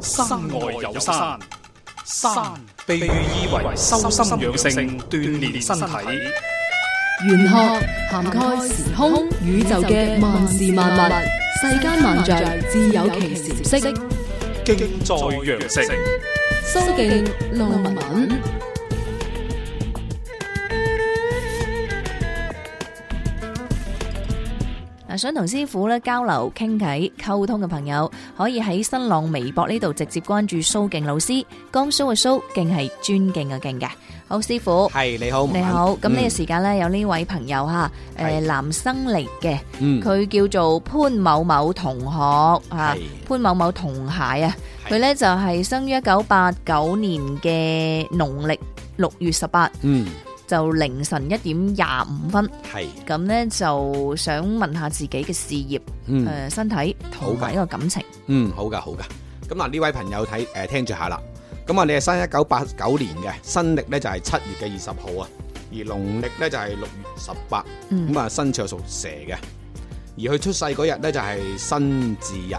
山外有山，山被喻意為修心養性、鍛煉身體。玄學涵蓋時空宇宙嘅萬事萬物、世間萬象，自有其時。色經在羊城，蘇敬論文。想同師傅咧交流、傾偈、溝通嘅朋友，可以喺新浪微博呢度直接關注蘇敬老師，江蘇嘅蘇敬係尊敬嘅敬嘅。好，師傅，係你好，你好。咁呢個時間呢，有呢位朋友吓，誒、嗯呃，男生嚟嘅，佢叫做潘某某同學嚇，嗯、潘某某童鞋啊，佢呢就係、是、生於一九八九年嘅農曆六月十八。嗯就凌晨一點廿五分，係咁咧，就想問下自己嘅事業，誒身體，同埋一個感情，嗯，好噶，好噶。咁嗱，呢位朋友睇誒聽住下啦。咁啊，你係生一九八九年嘅，新歷咧就係七月嘅二十號啊，而農曆咧就係六月十八。咁啊，生肖屬蛇嘅，而佢出世嗰日咧就係辛字日，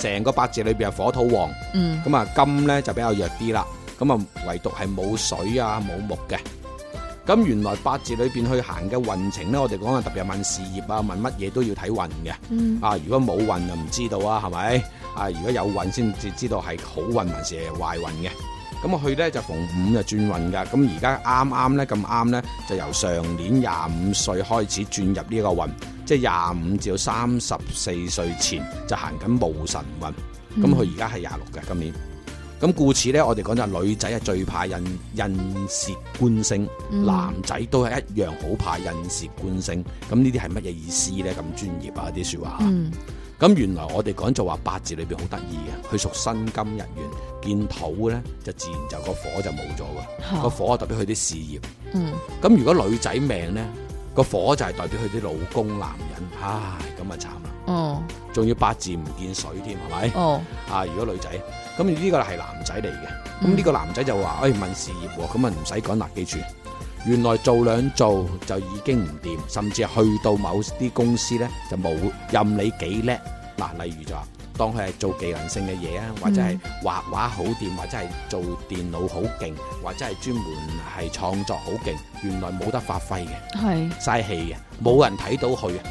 成個八字裏邊係火土旺，咁啊金咧就比較弱啲啦。咁啊，唯獨係冇水啊，冇木嘅。咁原來八字裏邊去行嘅運程咧，我哋講啊特別問事業啊，問乜嘢都要睇運嘅。嗯、啊，如果冇運就唔知道啊，係咪？啊，如果有運先至知道係好運還是壞運嘅。咁佢去咧就逢五就轉運噶。咁而家啱啱咧咁啱咧，就由上年廿五歲開始轉入呢個運，即係廿五至到三十四歲前就行緊無神運。咁佢而家係廿六嘅今年。咁故此咧，我哋講就係女仔係最怕印印涉官星，嗯、男仔都係一樣好怕印涉官星。咁呢啲係乜嘢意思咧？咁專業啊，啲說話。咁、嗯、原來我哋講就話八字裏邊好得意嘅，佢屬辛金日元，見土咧就自然就個火就冇咗嘅。個、啊、火代表佢啲事業。咁、嗯、如果女仔命咧，個火就係代表佢啲老公男人，唉，咁啊慘啦。哦，仲要八字唔見水添，係咪？哦，啊，如果女仔，咁呢個係男仔嚟嘅，咁呢、嗯、個男仔就話，誒、哎，問事業，啊，咁啊唔使講嗱，記住，原來做兩做就已經唔掂，甚至去到某啲公司呢，就冇任你幾叻，嗱、啊，例如就話，當佢係做技能性嘅嘢啊，或者係畫畫好掂，或者係做電腦好勁，或者係專門係創作好勁，原來冇得發揮嘅，係嘥氣嘅，冇人睇到佢啊。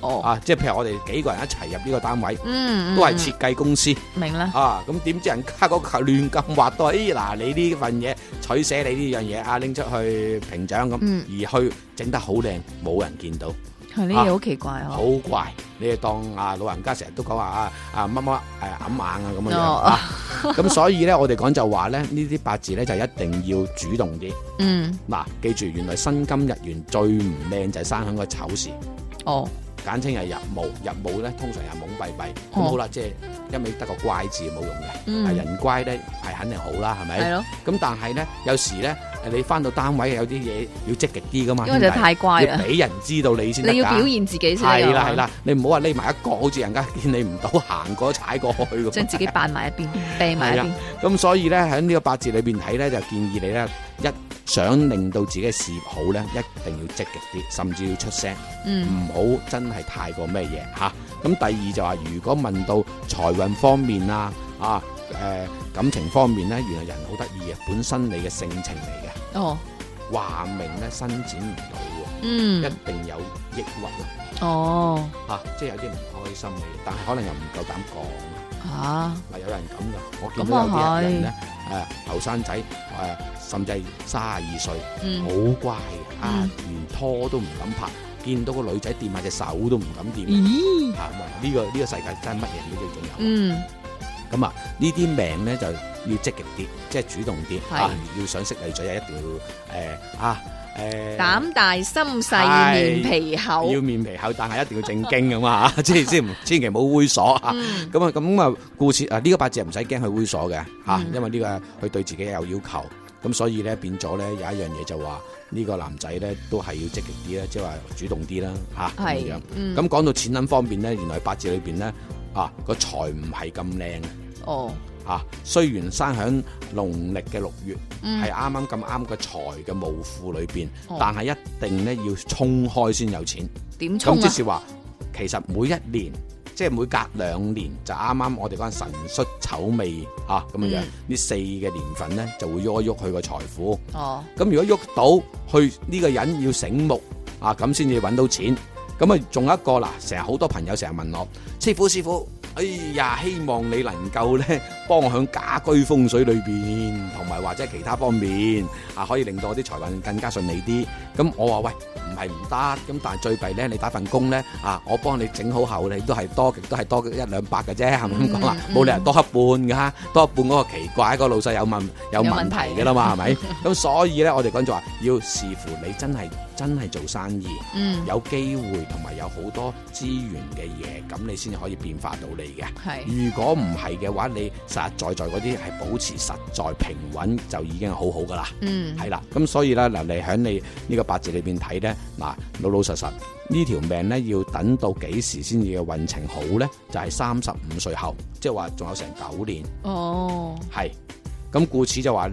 哦，啊，即係譬如我哋幾個人一齊入呢個單位，嗯，都係設計公司，明啦，啊，咁點知人家嗰個亂咁畫多，誒，嗱，你呢份嘢取捨你呢樣嘢啊，拎出去評獎咁，而去整得好靚，冇人見到，係呢嘢好奇怪啊，好怪，你哋當啊老人家成日都講話啊啊乜乜誒揞眼啊咁樣樣啊，咁所以咧我哋講就話咧呢啲八字咧就一定要主動啲，嗯，嗱，記住原來辛金日元最唔靚就係生喺個丑時。哦。簡稱係入冇，入冇咧通常係懵閉閉，咁好啦，即係一味得個乖字冇用嘅，係人乖咧係肯定好啦，係咪？係囉，咁但係咧，有時咧，誒你翻到單位有啲嘢要積極啲噶嘛，因為就太乖啦，要俾人知道你先得，你要表現自己先，係啦係啦，你唔好話匿埋一角，好似人家見你唔到，行過踩過去咁，將自己扮埋一邊，避埋一邊。咁所以咧喺呢個八字裏邊睇咧，就建議你咧一。想令到自己嘅事業好呢，一定要積極啲，甚至要出聲，唔好、嗯、真係太過咩嘢嚇。咁、啊、第二就話、是，如果問到財運方面啊，啊、呃、感情方面呢，原來人好得意嘅，本身你嘅性情嚟嘅，話、哦、明呢，伸展唔到、啊，嗯、一定有抑鬱、啊。哦，嚇、啊，即係有啲唔開心嘅嘢，但係可能又唔夠膽講啊，咪、啊、有人咁噶，我見到有啲人咧，誒後生仔誒，甚至係三十二歲，好、嗯、乖啊，嗯、連拖都唔敢拍，見到個女仔掂下隻手都唔敢掂，嚇咦，呢、啊啊這個呢、這個世界真係乜嘢都最有、啊，嗯，咁啊，名呢啲命咧就。要積極啲，即係主動啲啊！要想識女仔，又一定要誒啊誒，膽大心細，面皮厚，要面皮厚，但係一定要正經咁啊！即係先，千祈唔好猥瑣啊！咁啊，咁啊，故事啊，呢個八字唔使驚佢猥瑣嘅嚇，因為呢個佢對自己有要求，咁所以咧變咗咧有一樣嘢就話呢個男仔咧都係要積極啲啦，即係話主動啲啦嚇咁。咁講到錢銀方面咧，原來八字裏邊咧啊個財唔係咁靚哦。啊，雖然生喺農曆嘅六月，係啱啱咁啱個財嘅墓庫裏邊，但係一定咧要衝開先有錢。點衝、啊？咁即是話，其實每一年，即係每隔兩年，就啱啱我哋嗰辰戌丑未，嚇、啊、咁樣，呢、嗯、四個年份咧就會喐一喐佢個財富。哦。咁如果喐到，去、這、呢個人要醒目啊，咁先至揾到錢。咁、嗯、啊，仲有一個啦，成日好多朋友成日問我，師傅師傅。哎呀，希望你能夠咧，幫我響家居風水裏邊，同埋或者其他方面啊，可以令到我啲財運更加順利啲。咁我話喂。係唔得咁，但係最弊咧，你打份工咧啊，我幫你整好後，你都係多，都係多一兩百嘅啫，係咪咁講啊？冇、嗯嗯、理由多一半噶，多一半嗰個奇怪，嗰個老細有問有問題嘅啦嘛，係咪？咁 所以咧，我哋講就話要視乎你真係真係做生意，嗯，有機會同埋有好多資源嘅嘢，咁你先可以變化到你嘅。係是如果唔係嘅話，你實實在在嗰啲係保持實在平穩就已經好好噶、嗯、啦。嗯，係啦，咁所以咧嗱，你喺你呢個八字裏邊睇咧。嗱，老老實實呢條命咧，要等到幾時先至嘅運程好咧？就係三十五歲後，即係話仲有成九年。哦，係，咁故此就話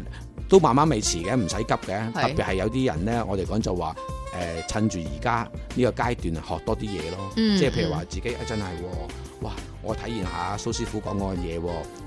都慢慢未遲嘅，唔使急嘅。是特別係有啲人咧，我哋講就話。誒趁住而家呢個階段學多啲嘢咯，嗯、即係譬如話自己啊、哎、真係，哇！我體驗下蘇師傅講我嘅嘢，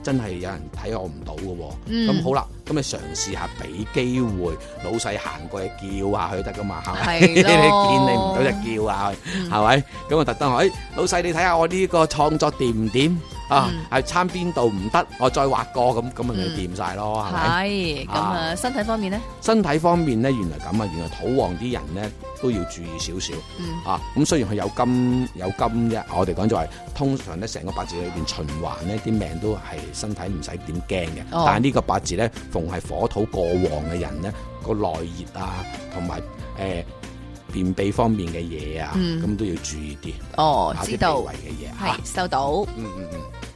真係有人睇我唔到嘅，咁、嗯、好啦，咁你嘗試下俾機會老細行過去叫下佢得噶嘛，係咪？咯 你見你唔到就叫下佢，係咪、嗯？咁啊 特登話，誒、哎、老細你睇下我呢個創作掂唔掂？啊，係撐，邊度唔得，我再劃過咁，咁咪佢掂晒咯，係咪？咁啊，身體方面咧？身體方面咧，原來咁啊，原來土旺啲人咧都要注意少少、嗯、啊。咁雖然佢有金有金啫。我哋講就係通常咧，成個八字裏邊循環呢啲命都係身體唔使點驚嘅。哦、但係呢個八字咧，逢係火土過旺嘅人咧，個內熱啊，同埋誒。呃便秘方面嘅嘢啊，咁、嗯、都要注意啲。哦，啊、知道。啲脾胃嘅嘢，係是、啊、收到。嗯嗯嗯。嗯嗯